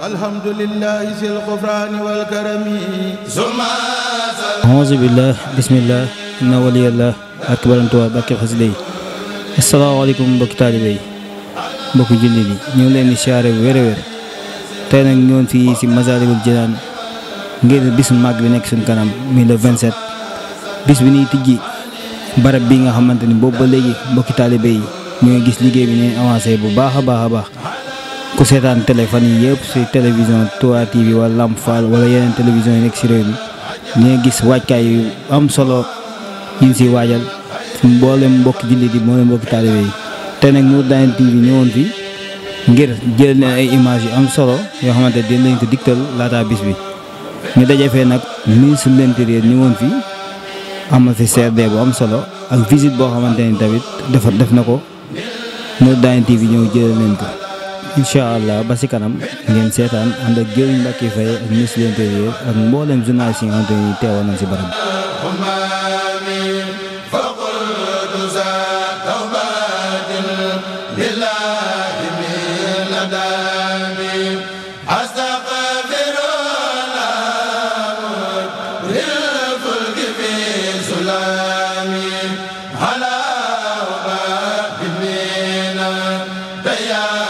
الحمد لله ذي الغفران والكرم ثم أعوذ بالله بسم الله إن ولي الله أكبر أنت وأبكر حسدي السلام عليكم بك طالبي بك جلدي نيو لين شعر وير وير تاي نك نيون في في مزار الجنان غير بس ماك بي نيك سون كانام مي لو 27 بس بي ني تيجي barab bi nga xamanteni bobu ba léegi mbokki talibe yi ñooy gis liggéey bi ñuy avancé bu baax a ku seetaan télé fan yi yëpp si télévision 3 TV wala Lamp Fall wala yeneen télévision yi nekk si réew mi ñu gis waajkaay yu am solo ñu si waajal mboolem mbokki jullit yi mboolem mbokki taalibe yi te nag Nour Daayén TV ñëwoon fi ngir jël ne ay image yu am solo yoo xamante dinañ leen ko digtal laataa bis bi ñu daje fee nag ministre de l'intérieur ñu woon fi amal fi CRD bu am solo ak visite boo xamante ni tamit dafa def na ko Nour Daayén TV ñëw jëlee leen incha allah ba si kanam ngeen seetaan ànd ak Gueye Mbacke Faye ak ministre de l'intérieur ak mboolem journaliste yi nga xamante ni teewoon nañ si barab yaa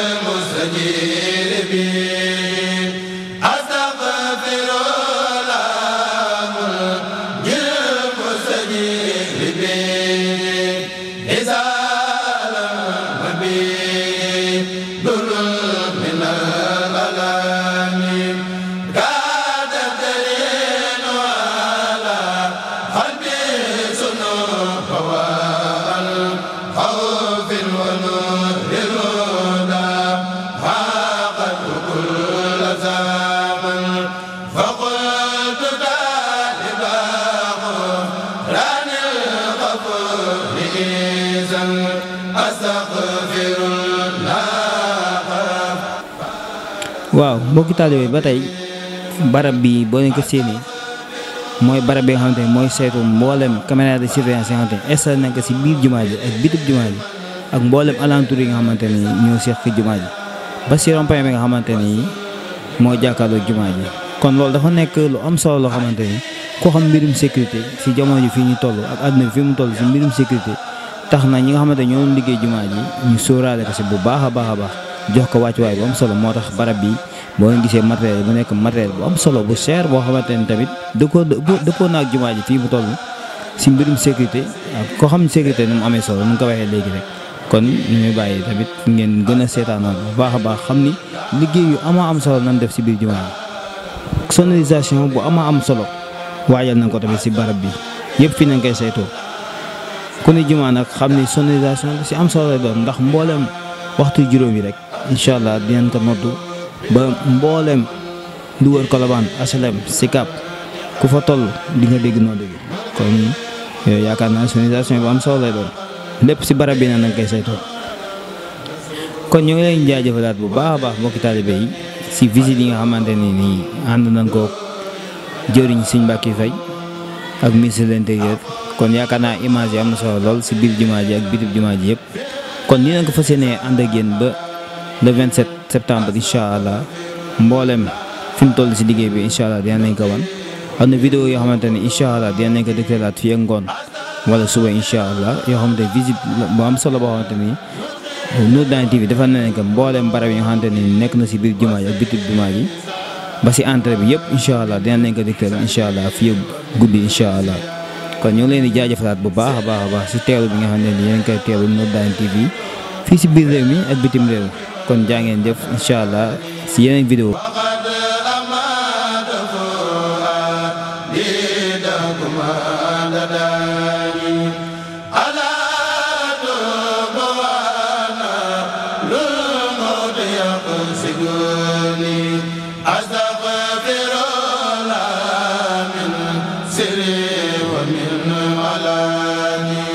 Господи, waaw mbokki taalibe ba tey barab bi boo leen ko séenee mooy barab bi nga ne mooy saytu mboolem caméra de surveillance yi nga xamante ne installé nañ ko biir jumaa ji ak bitib jumaa ak mboolem alentour yi nga xamante ne ñoo seex fi jumaa ji ba si rond-point bi nga xamante ne moo jàkkaarloo jumaa ji kon loolu dafa nekk lu am solo loo xamante ni koo xam mbirum sécurité si jamono ji fii ñu toll ak àdduna bi fi mu toll si mbirum sécurité tax na ñi nga xamante ñoo liggéey jumaa ji ñu sóoraale ko si bu baax baax a baax jox boo leen gisee matériel bu nekk matériel bu am solo bu cher boo xamante ni tamit dëkkoo dëkkoo naa ak jumaa ji fii bu toll si mbirum sécurité ak koo xam sécurité na mu amee solo nu nga ko waxee léegi rek kon ñu ngi bàyyi tamit ngeen gën a seetaanoon bu baax a baax xam ni liggéey yu ama am solo nan def si biir jumaa ji sonorisation bu ama am solo waajal nañ ko tamit si barab bi yëpp fii nañ koy saytoo ku ne jumaa nag xam ni sonorisation si am solo lay doon ndax mboolem waxtu juróom yi rek incha allah dinañ ko ba mbollem du wër Colobane HLM sikap ku fa toll di nga deg no deg kon yaakaar naa sonorisation bu am solo doon lépp si barab bi na nag kay saytoo kon ñu ngi leen jaajëfalaat bu baax a baax mbokki talibé yi si visite yi nga xamante ni nii ànd nañ ko jëriñ Sëñ Mbàkke Fay ak ministre de l'intérieur kon yaakaar naa image yi am na solo lool si biir jumaa ji ak bitib jumaa ji yëpp kon nii ko fas yéenee ànd ak yéen ba le 27 septembre incha allah mboolem fi mu toll si liggéey bi incha allah dinañ leen ko wan am na vidéo yoo xamante ne incha allah dinañ leen ko ngoon wala suba incha allah yoo xamante visite bu am solo boo xamante ni Nour Dany TV defal na leen ko mboolem barab yi nga xamante ni nekk na si biir jumaa ji ak bitib jumaa ji ba si entrée bi yëpp incha allah dinañ leen ko dëgtal incha allah fii guddi incha allah kon ñu ngi leen di jaajëfalaat bu baax a baax a si teewlu bi nga xam ne ni yéen koy teewlu Nour Dany TV fii si biir réew mi ak kon jaa ngeen jëf incha allah si yeneen vidéo Azza